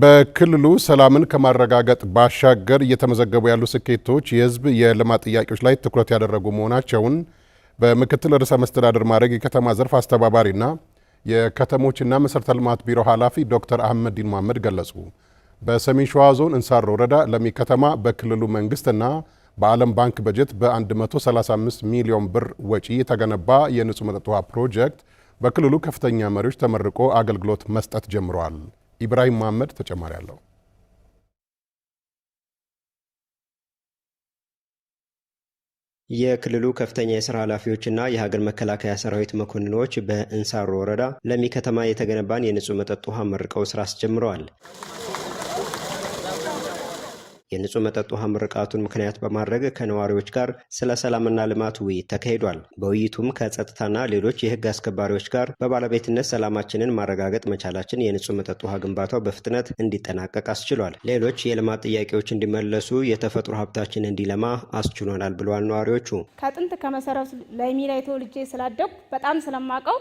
በክልሉ ሰላምን ከማረጋገጥ ባሻገር እየተመዘገቡ ያሉ ስኬቶች የህዝብ የልማት ጥያቄዎች ላይ ትኩረት ያደረጉ መሆናቸውን በምክትል ርዕሰ መስተዳድር ማዕረግ የከተማ ዘርፍ አስተባባሪና የከተሞችና መሠረተ ልማት ቢሮ ኃላፊ ዶክተር አህመዲን መሐመድ ገለጹ። በሰሜን ሸዋ ዞን እንሳሮ ወረዳ ለሚ ከተማ በክልሉ መንግስትና በዓለም ባንክ በጀት በ135 ሚሊዮን ብር ወጪ የተገነባ የንጹህ መጠጥ ውሃ ፕሮጀክት በክልሉ ከፍተኛ መሪዎች ተመርቆ አገልግሎት መስጠት ጀምረዋል። ኢብራሂም መሐመድ ተጨማሪ አለው። የክልሉ ከፍተኛ የስራ ኃላፊዎችና የሀገር መከላከያ ሰራዊት መኮንኖች በእንሳሮ ወረዳ ለሚ ከተማ የተገነባን የንጹህ መጠጥ ውሃ መርቀው ስራ አስጀምረዋል። የንጹህ መጠጥ ውሃ ምርቃቱን ምክንያት በማድረግ ከነዋሪዎች ጋር ስለ ሰላምና ልማት ውይይት ተካሂዷል። በውይይቱም ከጸጥታና ሌሎች የህግ አስከባሪዎች ጋር በባለቤትነት ሰላማችንን ማረጋገጥ መቻላችን የንጹህ መጠጥ ውሃ ግንባታው በፍጥነት እንዲጠናቀቅ አስችሏል። ሌሎች የልማት ጥያቄዎች እንዲመለሱ፣ የተፈጥሮ ሀብታችን እንዲለማ አስችሎናል ብለዋል ነዋሪዎቹ። ከጥንት ከመሰረቱ ለሚላ ላይ ስላደኩ በጣም ስለማውቀው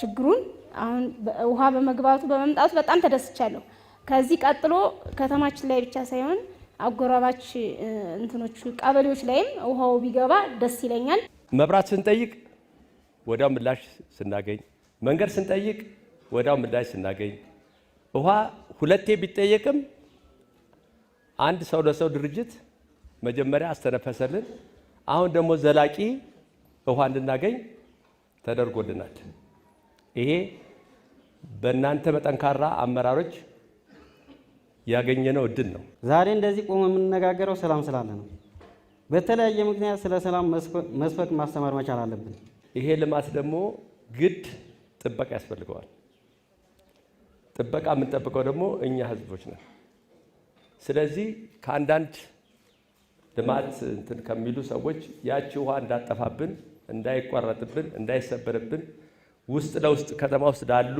ችግሩን አሁን ውሃ በመግባቱ በመምጣቱ በጣም ተደስቻለሁ። ከዚህ ቀጥሎ ከተማችን ላይ ብቻ ሳይሆን አጎራባች እንትኖቹ ቀበሌዎች ላይም ውሃው ቢገባ ደስ ይለኛል። መብራት ስንጠይቅ ወዲያው ምላሽ ስናገኝ፣ መንገድ ስንጠይቅ ወዲያው ምላሽ ስናገኝ፣ ውሃ ሁለቴ ቢጠየቅም አንድ ሰው ለሰው ድርጅት መጀመሪያ አስተነፈሰልን። አሁን ደግሞ ዘላቂ ውሃ እንድናገኝ ተደርጎልናል። ይሄ በእናንተ በጠንካራ አመራሮች ያገኘነው እድል ነው። ዛሬ እንደዚህ ቆሞ የምንነጋገረው ሰላም ስላለ ነው። በተለያየ ምክንያት ስለ ሰላም መስበክ ማስተማር መቻል አለብን። ይሄ ልማት ደግሞ ግድ ጥበቃ ያስፈልገዋል። ጥበቃ የምንጠብቀው ደግሞ እኛ ህዝቦች ነን። ስለዚህ ከአንዳንድ ልማት እንትን ከሚሉ ሰዎች ያቺ ውሃ እንዳጠፋብን፣ እንዳይቋረጥብን፣ እንዳይሰበርብን ውስጥ ለውስጥ ከተማ ውስጥ ላሉ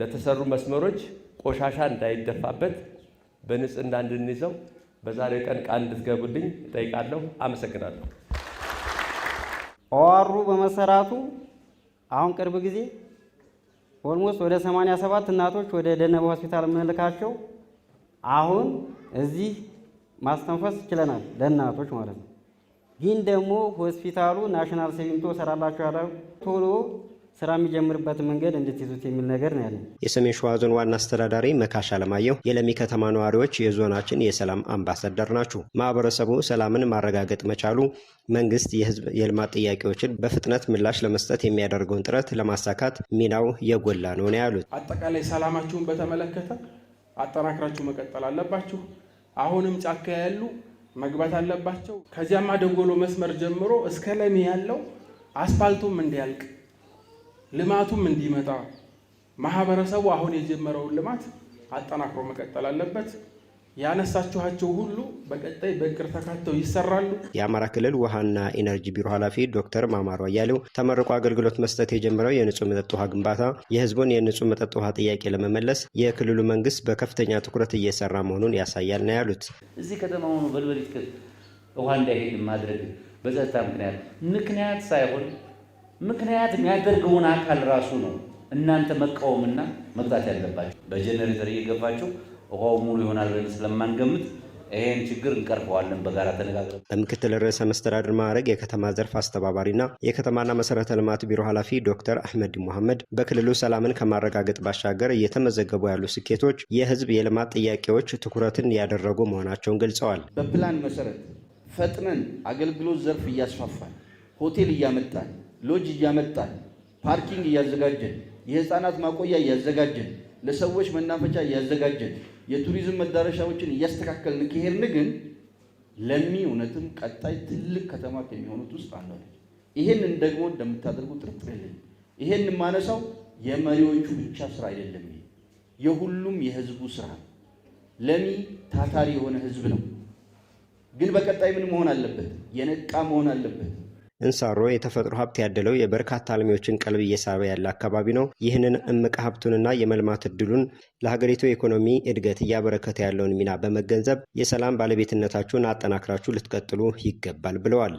ለተሰሩ መስመሮች ቆሻሻ እንዳይደፋበት በንጽህና እንድንይዘው በዛሬ ቀን ቃል እንድትገቡልኝ እጠይቃለሁ። አመሰግናለሁ። ኦዋሩ በመሰራቱ አሁን ቅርብ ጊዜ ኦልሞስት ወደ 87 እናቶች ወደ ደነበ ሆስፒታል መልካቸው አሁን እዚህ ማስተንፈስ ችለናል፣ ለእናቶች ማለት ነው። ግን ደግሞ ሆስፒታሉ ናሽናል ሴቪንቶ ሰራላቸው ያለ ቶሎ ስራ የሚጀምርበት መንገድ እንድትይዙት የሚል ነገር ነው ያለን። የሰሜን ሸዋ ዞን ዋና አስተዳዳሪ መካሽ አለማየሁ የለሚ ከተማ ነዋሪዎች የዞናችን የሰላም አምባሳደር ናችሁ። ማህበረሰቡ ሰላምን ማረጋገጥ መቻሉ መንግስት የህዝብ የልማት ጥያቄዎችን በፍጥነት ምላሽ ለመስጠት የሚያደርገውን ጥረት ለማሳካት ሚናው የጎላ ነው ነው ያሉት። አጠቃላይ ሰላማችሁን በተመለከተ አጠናክራችሁ መቀጠል አለባችሁ። አሁንም ጫካ ያሉ መግባት አለባቸው። ከዚያማ አደንጎሎ መስመር ጀምሮ እስከ ለሚ ያለው አስፋልቱም እንዲያልቅ ልማቱም እንዲመጣ ማህበረሰቡ አሁን የጀመረውን ልማት አጠናክሮ መቀጠል አለበት። ያነሳችኋቸው ሁሉ በቀጣይ በእቅድ ተካተው ይሰራሉ። የአማራ ክልል ውሃና ኢነርጂ ቢሮ ኃላፊ ዶክተር ማማሩ አያሌው ተመርቆ አገልግሎት መስጠት የጀመረው የንጹህ መጠጥ ውሃ ግንባታ የህዝቡን የንጹህ መጠጥ ውሃ ጥያቄ ለመመለስ የክልሉ መንግስት በከፍተኛ ትኩረት እየሰራ መሆኑን ያሳያል ነው ያሉት። እዚህ ከተማ ሆኖ በልበሊት ውሃ እንዳይሄድ ማድረግ በጸጥታ ምክንያት ምክንያት ሳይሆን ምክንያት የሚያደርገውን አካል ራሱ ነው እናንተ መቃወምና መግዛት ያለባቸው። በጀነሬተር እየገባቸው ውሃው ሙሉ ይሆናል ብለን ስለማንገምት ይህን ችግር እንቀርበዋለን። በጋራ ተነጋግረን። በምክትል ርዕሰ መስተዳድር ማዕረግ የከተማ ዘርፍ አስተባባሪና የከተማና መሰረተ ልማት ቢሮ ኃላፊ ዶክተር አህመድ ሙሐመድ በክልሉ ሰላምን ከማረጋገጥ ባሻገር እየተመዘገቡ ያሉ ስኬቶች የህዝብ የልማት ጥያቄዎች ትኩረትን ያደረጉ መሆናቸውን ገልጸዋል። በፕላን መሰረት ፈጥነን አገልግሎት ዘርፍ እያስፋፋን ሆቴል እያመጣን ሎጅ እያመጣን ፓርኪንግ እያዘጋጀን የህፃናት ማቆያ እያዘጋጀን ለሰዎች መናፈቻ እያዘጋጀን የቱሪዝም መዳረሻዎችን እያስተካከልን ከሄድን ግን ለሚ እውነትም ቀጣይ ትልቅ ከተማ ከሚሆኑት ውስጥ አንዱ ነው። ይሄንን ደግሞ እንደምታደርጉ ጥርጥር የለኝ። ይሄን የማነሳው የመሪዎቹ ብቻ ስራ አይደለም፣ የሁሉም የህዝቡ ስራ። ለሚ ታታሪ የሆነ ህዝብ ነው። ግን በቀጣይ ምን መሆን አለበት? የነቃ መሆን አለበት። እንሳሮ የተፈጥሮ ሀብት ያደለው የበርካታ አልሚዎችን ቀልብ እየሳበ ያለ አካባቢ ነው። ይህንን እምቅ ሀብቱንና የመልማት እድሉን ለሀገሪቱ የኢኮኖሚ እድገት እያበረከተ ያለውን ሚና በመገንዘብ የሰላም ባለቤትነታችሁን አጠናክራችሁ ልትቀጥሉ ይገባል ብለዋል።